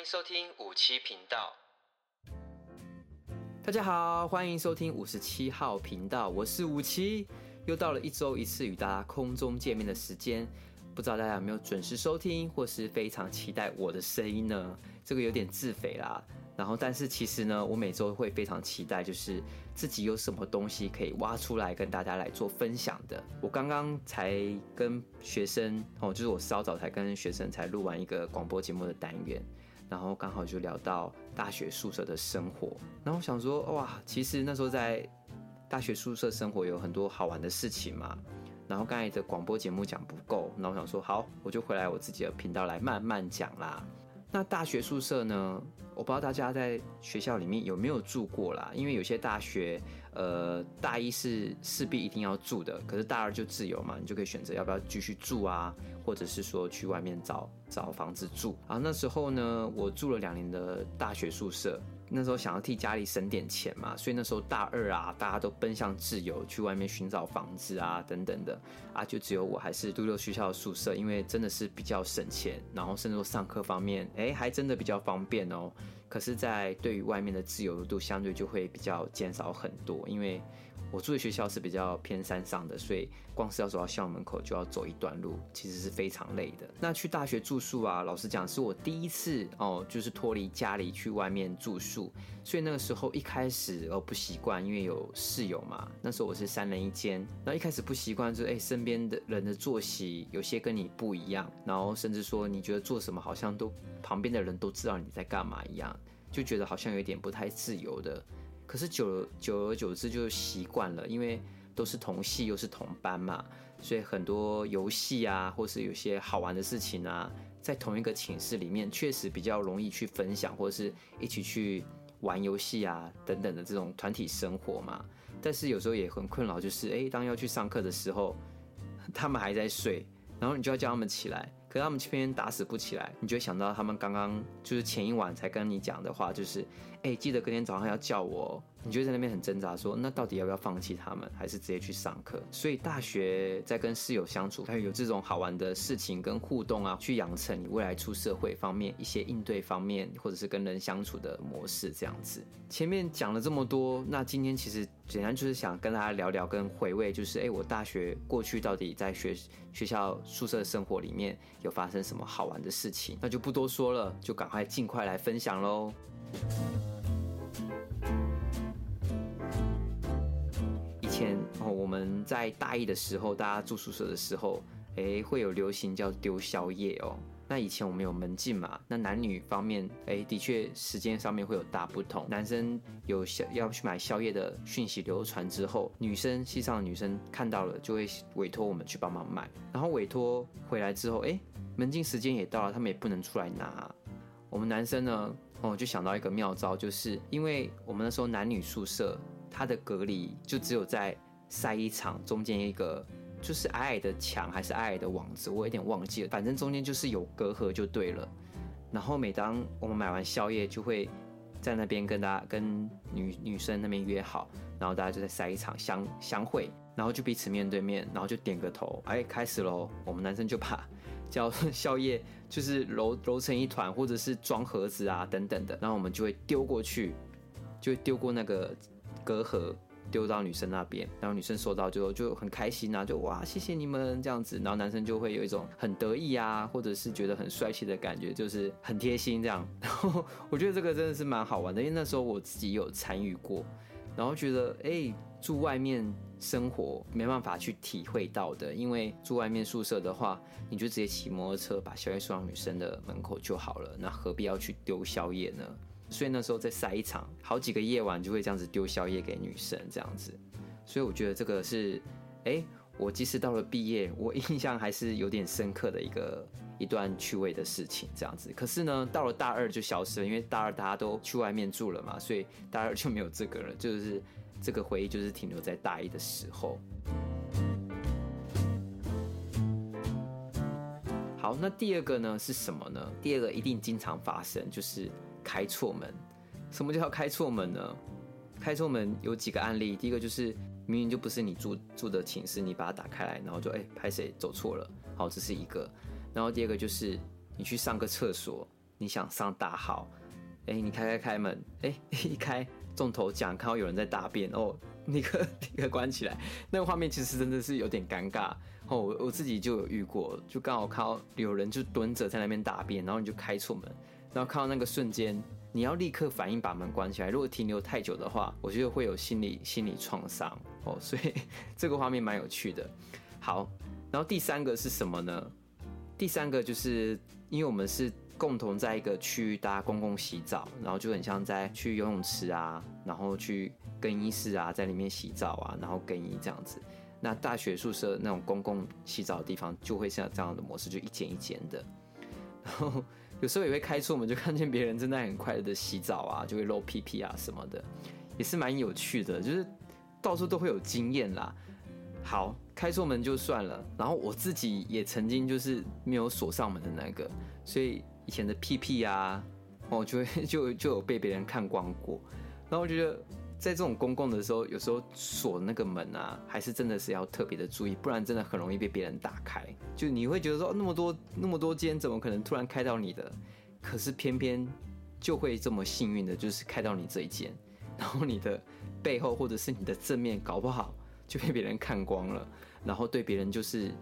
歡迎收聽五七頻道。大家好，歡迎收聽五十七號頻道，我是五七。又到了一周一次與大家空中見面的時間，不知道大家有沒有準時收聽，或是非常期待我的聲音呢？這個有點自肥啦。然後，但是其實呢，我每周會非常期待，就是自己有什麼東西可以挖出來跟大家來做分享的。我剛剛才跟學生哦，就是我稍早才跟學生才錄完一個廣播節目的單元。然後剛好就聊到大學宿舍的生活，然後我想說，哇，其實那時候在大學宿舍生活有很多好玩的事情嘛。然後剛才的廣播節目講不夠，那我想說，好，我就回來我自己的頻道來慢慢講啦。那大學宿舍呢，我不知道大家在學校裡面有沒有住過啦，因為有些大學，呃，大一是勢必一定要住的，可是大二就自由嘛，你就可以選擇要不要繼續住啊，或者是說去外面找找房子住啊。然後那時候呢，我住了兩年的大學宿舍。那時候想要替家裡省點錢嘛，所以那時候大二啊，大家都奔向自由，去外面尋找房子啊，等等的啊，就只有我還是獨留學校的宿舍，因為真的是比較省錢，然後甚至說上課方面，哎、欸，還真的比較方便哦。可是，在對於外面的自由度，相對就會比較減少很多，因為。我住的學校是比較偏山上的，所以光是要走到校門口就要走一段路，其實是非常累的。那去大學住宿啊，老實講是我第一次哦，就是脫離家裡去外面住宿，所以那個時候一開始哦，不習慣，因為有室友嘛。那時候我是三人一間，那一開始不習慣，就是欸，身邊的人的作息有些跟你不一樣，然後甚至說你覺得做什麼好像都旁邊的人都知道你在幹嘛一樣，就覺得好像有點不太自由的。可是久久而久之就習慣了，因為都是同系又是同班嘛，所以很多遊戲啊，或是有些好玩的事情啊，在同一個寢室裡面確實比較容易去分享，或是一起去玩遊戲啊等等的這種團體生活嘛。但是有時候也很困擾，就是哎、欸，當要去上課的時候，他們還在睡，然後你就要叫他們起來。可是他們這邊打死不起來，你就會想到他們剛剛就是前一晚才跟你講的話，就是，哎、欸，記得隔天早上要叫我。你就在那邊很掙扎說，說那到底要不要放棄他們，還是直接去上課？所以大學在跟室友相處，還有這種好玩的事情跟互動啊，去養成你未來出社會方面一些應對方面，或者是跟人相處的模式這樣子。前面講了這麼多，那今天其實簡單就是想跟大家聊聊跟回味，就是誒、欸，我大學過去到底在學學校宿舍的生活裡面有發生什麼好玩的事情？那就不多說了，就趕快儘快來分享嘍。在大一的時候，大家住宿舍的時候，誒、欸，會有流行叫丟宵夜哦、喔。那以前我們有門禁嘛？那男女方面，誒、欸，的確時間上面會有大不同。男生有想要去買宵夜的訊息流傳之後，女生系上的女生看到了，就會委托我們去幫忙買。然後委托回來之後，誒、欸，門禁時間也到了，他們也不能出來拿。我們男生呢，哦、喔，就想到一個妙招，就是因為我們那時候男女宿舍，他的隔離就只有在。塞一場，中間一個就是矮矮的牆還是矮矮的網子，我有點忘記了。反正中間就是有隔閡就對了。然後，每當我們買完宵夜，就會在那邊跟大家、跟女女生那邊約好，然後大家就在塞一場相相會，然後就彼此面對面，然後就點個頭，哎、欸，開始嘍。我們男生就把叫宵夜就是揉揉成一團，或者是裝盒子啊等等的，然後我們就會丟過去，就丟過那個隔閡。丟到女生那邊，然後女生收到之後就很開心啊。就哇謝謝你們這樣子，然後男生就會有一種很得意啊，或者是覺得很帥氣的感覺，就是很貼心這樣。然後我覺得這個真的是蠻好玩的，因為那時候我自己有參與過，然後覺得哎，住外面生活沒辦法去體會到的，因為住外面宿舍的話，你就直接騎摩托車把宵夜送到女生的門口就好了，那何必要去丟宵夜呢？所以那時候在塞一場，好幾個夜晚就會這樣子丟宵夜給女生，這樣子。所以我覺得這個是，哎、欸，我即使到了畢業，我印象還是有點深刻的一個一段趣味的事情，這樣子。可是呢，到了大二就消失了，因為大二大家都去外面住了嘛，所以大二就沒有這個了。就是這個回憶就是停留在大一的時候。好，那第二個呢是什麼呢？第二個一定經常發生就是。開錯門，什麼叫開錯門呢？開錯門有幾個案例，第一個就是明明就不是你住住的寢室，你把它打開來，然後就哎拍謝，走錯了，好，這是一個。然後第二個就是你去上個廁所，你想上大號，哎、欸、你開開開門，哎、欸、一開中頭獎，看到有人在大便，哦，那個那個關起來，那個畫面其實真的是有點尷尬。哦，我我自己就有遇過，就剛好看到有人就蹲着在那邊大便，然後你就開錯門。然後看到那個瞬間，你要立刻反應把門關起來。如果停留太久的話，我覺得會有心理心理創傷哦。所以這個畫面蠻有趣的。好，然後第三個是什麼呢？第三個就是因為我們是共同在一個區域大家公共洗澡，然後就很像在去游泳池啊，然後去更衣室啊，在裡面洗澡啊，然後更衣這樣子。那大學宿舍那種公共洗澡的地方就會像這樣的模式，就一間一間的，然後。有時候也會開錯門，就看見別人正在很快的洗澡啊，就會露屁屁啊什麼的，也是蠻有趣的。就是到處都會有經驗啦。好，開錯門就算了。然後我自己也曾經就是沒有鎖上門的那個，所以以前的屁屁啊，哦，就就就有被別人看光過。然後我覺得。在這種公共的時候，有時候鎖那個門啊，還是真的是要特別的注意，不然真的很容易被別人打開。就你會覺得說，哦，那麼多那麼多間，怎麼可能突然開到你的？可是偏偏就會這麼幸運的，就是開到你這一間，然後你的背後或者是你的正面，搞不好就被別人看光了，然後對別人就是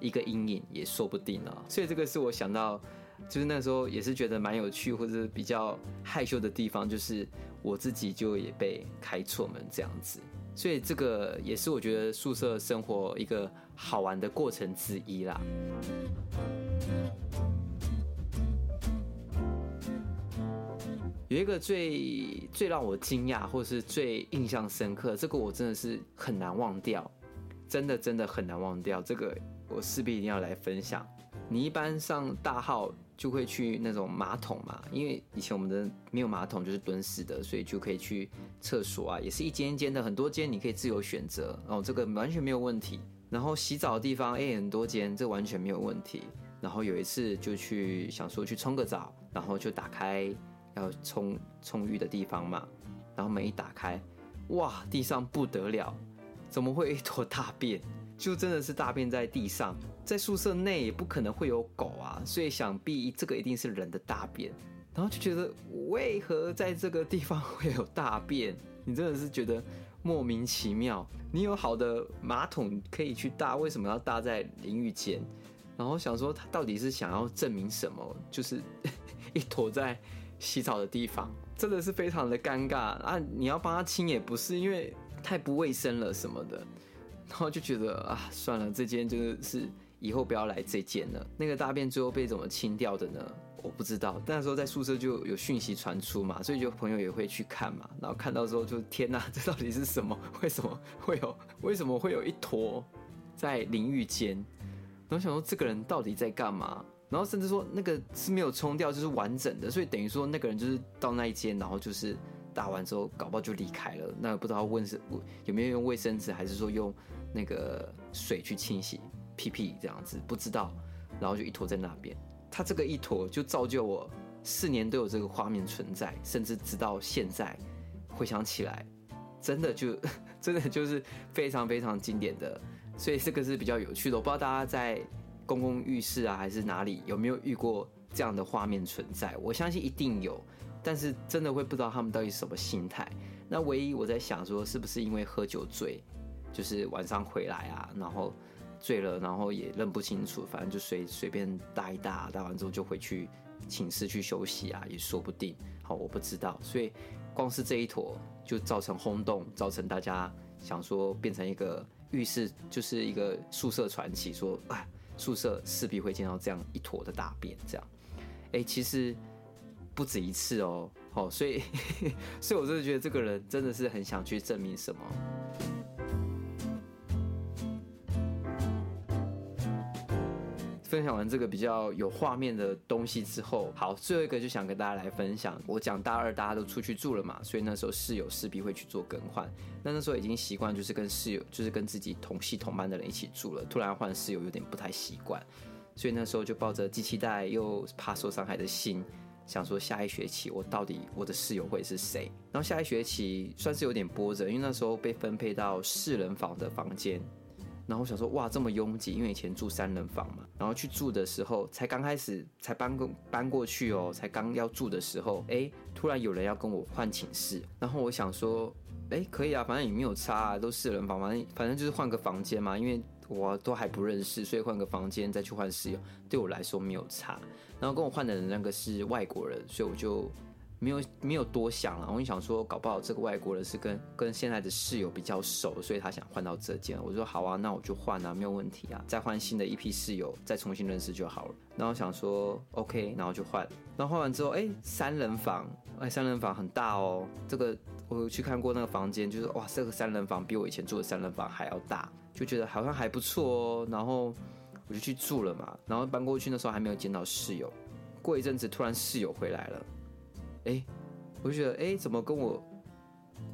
一個陰影也說不定啊。所以這個是我想到，就是那時候也是覺得蠻有趣或者比較害羞的地方，就是。我自己就也被開錯門這樣子，所以這個也是我覺得宿舍生活一個好玩的過程之一啦。有一個最最讓我驚訝，或是最印象深刻，這個我真的是很難忘掉，真的真的很難忘掉，這個我勢必一定要來分享。你一般上大號？就會去那種馬桶嘛，因為以前我們的沒有馬桶，就是蹲式的，所以就可以去廁所啊，也是一間一間的，很多間你可以自由選擇，然後，哦，這個完全沒有問題。然後洗澡的地方也很多間，這完全沒有問題。然後有一次就去想說去沖個澡，然後就打開要沖沖浴的地方嘛，然後門一打開，哇，地上不得了，怎麼會有一坨大便？就真的是大便在地上。在宿舍內也不可能會有狗啊，所以想必這個一定是人的大便。然後就覺得為何在這個地方會有大便？你真的是覺得莫名其妙。你有好的馬桶可以去大，為什麼要大在淋浴間？然後想說他到底是想要證明什麼？就是一坨在洗澡的地方，真的是非常的尷尬啊！你要幫他清也不是，因為太不衛生了什麼的。然後就覺得啊，算了，這間真的是。以後不要來這間了。那個大便最後被怎麼清掉的呢？我不知道。那時候在宿舍就有訊息傳出嘛，所以就朋友也會去看嘛。然後看到之後就天哪，這到底是什麼？為什麼會有？為什麼會有一坨在淋浴間？然後想說，這個人到底在幹嘛？然後甚至說，那個是沒有沖掉，就是完整的。所以等於說，那個人就是到那一間，然後就是打完之後，搞不好就離開了。那不知道問是有沒有用衛生紙，還是說用那個水去清洗？屁屁這樣子不知道，然後就一坨在那邊。他這個一坨就造就我四年都有這個畫面存在，甚至直到現在回想起來，真的就真的就是非常非常經典的。所以這個是比較有趣的。我不知道大家在公共浴室啊，還是哪裡有沒有遇過這樣的畫面存在？我相信一定有，但是真的會不知道他們到底什麼心態。那唯一我在想說，是不是因為喝酒醉，就是晚上回來啊，然後。醉了，然後也認不清楚，反正就隨隨便搭一搭，搭完之後就回去寢室去休息啊，也說不定。好，我不知道，所以光是這一坨就造成轟動，造成大家想說變成一個浴室就是一個宿舍傳奇，說、啊、宿舍勢必會見到這樣一坨的大便這樣。哎，其實不止一次哦，好、哦，所以 所以我真的覺得這個人真的是很想去證明什麼。分享完這個比較有畫面的東西之後，好，最後一個就想跟大家來分享。我講大二大家都出去住了嘛，所以那時候室友勢必會去做更換。那那時候已經習慣就是跟室友，就是跟自己同系同班的人一起住了，突然換室友有點不太習慣，所以那時候就抱着既期待又怕受傷害的心，想說下一學期我到底我的室友會是誰？然後下一學期算是有點波折，因為那時候被分配到四人房的房間。然後我想說，哇，這麼擁擠，因為以前住三人房嘛。然後去住的時候，才剛開始才搬過搬過去哦，才剛要住的時候，哎，突然有人要跟我換寢室。然後我想說，哎，可以啊，反正也沒有差，都四人房，反正反正就是換個房間嘛。因為我都還不認識，所以換個房間再去換室友，對我來說沒有差。然後跟我換的人那個是外國人，所以我就。沒有沒有多想了，我就想說，搞不好這個外國人是跟跟現在的室友比較熟，所以他想換到這間。我說好啊，那我就換啊，沒有問題啊，再換新的一批室友，再重新認識就好了。然後我想說 OK，然後就換。然後換完之後，哎，三人房，哎，三人房很大哦。這個我有去看過那個房間，就是哇，這個三人房比我以前住的三人房還要大，就覺得好像還不錯哦。然後我就去住了嘛。然後搬過去那時候還沒有見到室友，過一陣子突然室友回來了。欸，我就覺得，欸，怎麼跟我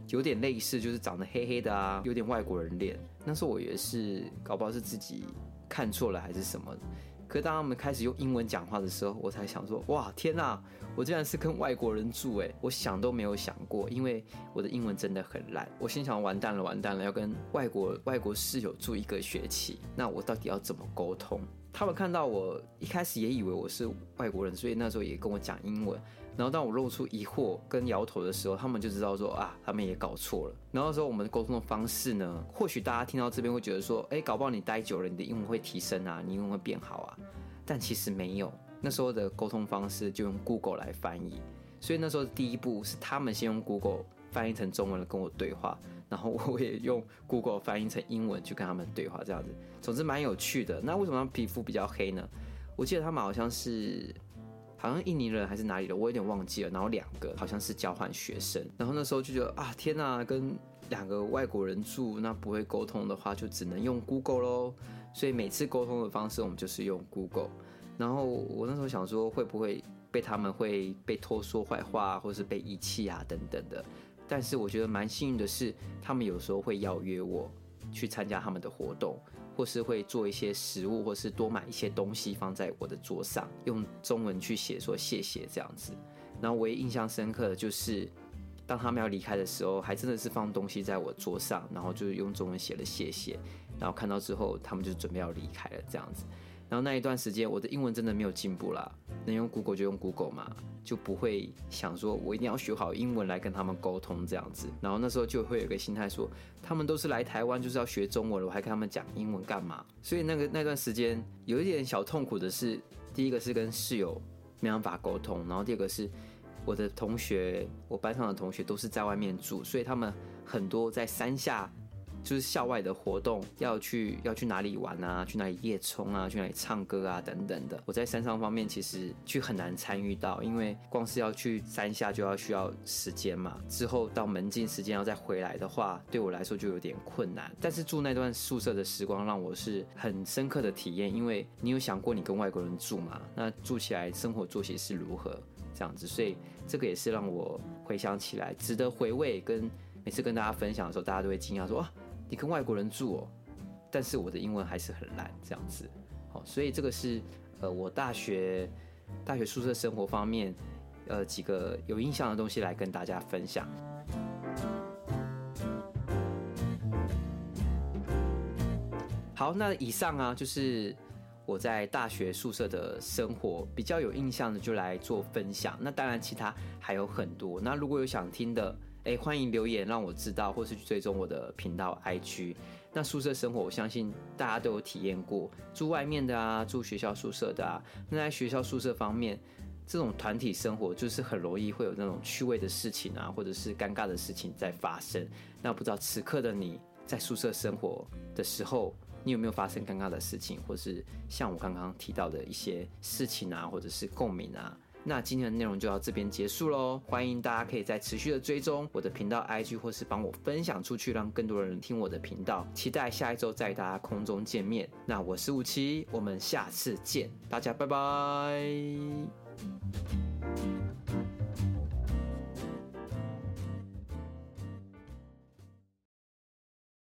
有點類似？就是長得黑黑的啊，有點外國人臉。那時候我也是搞不好是自己看錯了還是什麼的。可當他們開始用英文講話的時候，我才想說：哇，天哪！我竟然是跟外國人住欸！我想都沒有想過，因為我的英文真的很爛。我心想：完蛋了，完蛋了，要跟外國外國室友住一個學期，那我到底要怎麼溝通？他們看到我一開始也以為我是外國人，所以那時候也跟我講英文。然後當我露出疑惑跟搖頭的時候，他們就知道說啊，他們也搞錯了。然後那時候我們的溝通的方式呢，或許大家聽到這邊會覺得說，誒，搞不好你待久了，你的英文會提升啊，你英文會變好啊。但其實沒有，那時候的溝通方式就用 Google 來翻譯。所以那時候第一步是他們先用 Google 翻譯成中文跟我對話，然後我也用 Google 翻譯成英文去跟他們對話，這樣子。總之蠻有趣的。那為什麼他們皮膚比較黑呢？我記得他們好像是。好像印尼人還是哪裡的，我有點忘記了。然後兩個好像是交換學生，然後那時候就覺得啊，天哪、啊，跟兩個外國人住，那不會溝通的話，就只能用 Google 咯。所以每次溝通的方式，我們就是用 Google。然後我那時候想說，會不會被他們會被偷說壞話，或是被遺棄啊等等的。但是我覺得蠻幸運的是，他們有時候會邀約我去參加他們的活動。或是會做一些食物，或是多買一些東西放在我的桌上，用中文去寫說謝謝這樣子。然後唯一印象深刻的，就是當他們要離開的時候，還真的是放東西在我桌上，然後就是用中文寫了謝謝。然後看到之後，他們就準備要離開了這樣子。然後那一段時間，我的英文真的沒有進步啦，能用 Google 就用 Google 嘛，就不會想說我一定要學好英文來跟他們溝通這樣子。然後那時候就會有一個心態說，他們都是來台灣就是要學中文了，我還跟他們講英文幹嘛？所以那個那段時間有一點小痛苦的是，第一個是跟室友沒辦法溝通，然後第二個是我的同學，我班上的同學都是在外面住，所以他們很多在山下。就是校外的活動要去要去哪裡玩啊？去哪裡夜衝啊？去哪裡唱歌啊？等等的。我在山上方面其實就很難參與到，因為光是要去山下就要需要時間嘛。之後到門禁時間要再回來的話，對我來說就有點困難。但是住那段宿舍的時光讓我是很深刻的體驗，因為你有想過你跟外國人住嗎？那住起來生活作息是如何這樣子？所以這個也是讓我回想起來值得回味，跟每次跟大家分享的時候，大家都會驚訝說你跟外國人住哦，但是我的英文還是很爛，這樣子，好，所以這個是呃我大學大學宿舍生活方面，呃幾個有印象的東西來跟大家分享。好，那以上啊就是我在大學宿舍的生活比較有印象的，就來做分享。那當然，其他還有很多。那如果有想聽的。哎、欸，歡迎留言讓我知道，或是追蹤我的頻道 IG。那宿舍生活，我相信大家都有體驗過，住外面的啊，住學校宿舍的啊。那在學校宿舍方面，這種團體生活就是很容易會有那種趣味的事情啊，或者是尷尬的事情在發生。那不知道此刻的你在宿舍生活的時候，你有沒有發生尷尬的事情，或是像我剛剛提到的一些事情啊，或者是共鳴啊？那今天的內容就到這邊結束嘍，歡迎大家可以再持續的追蹤我的頻道 IG 或是幫我分享出去，讓更多的人聽我的頻道。期待下一周再大家空中見面。那我是吳奇，我們下次見，大家拜拜。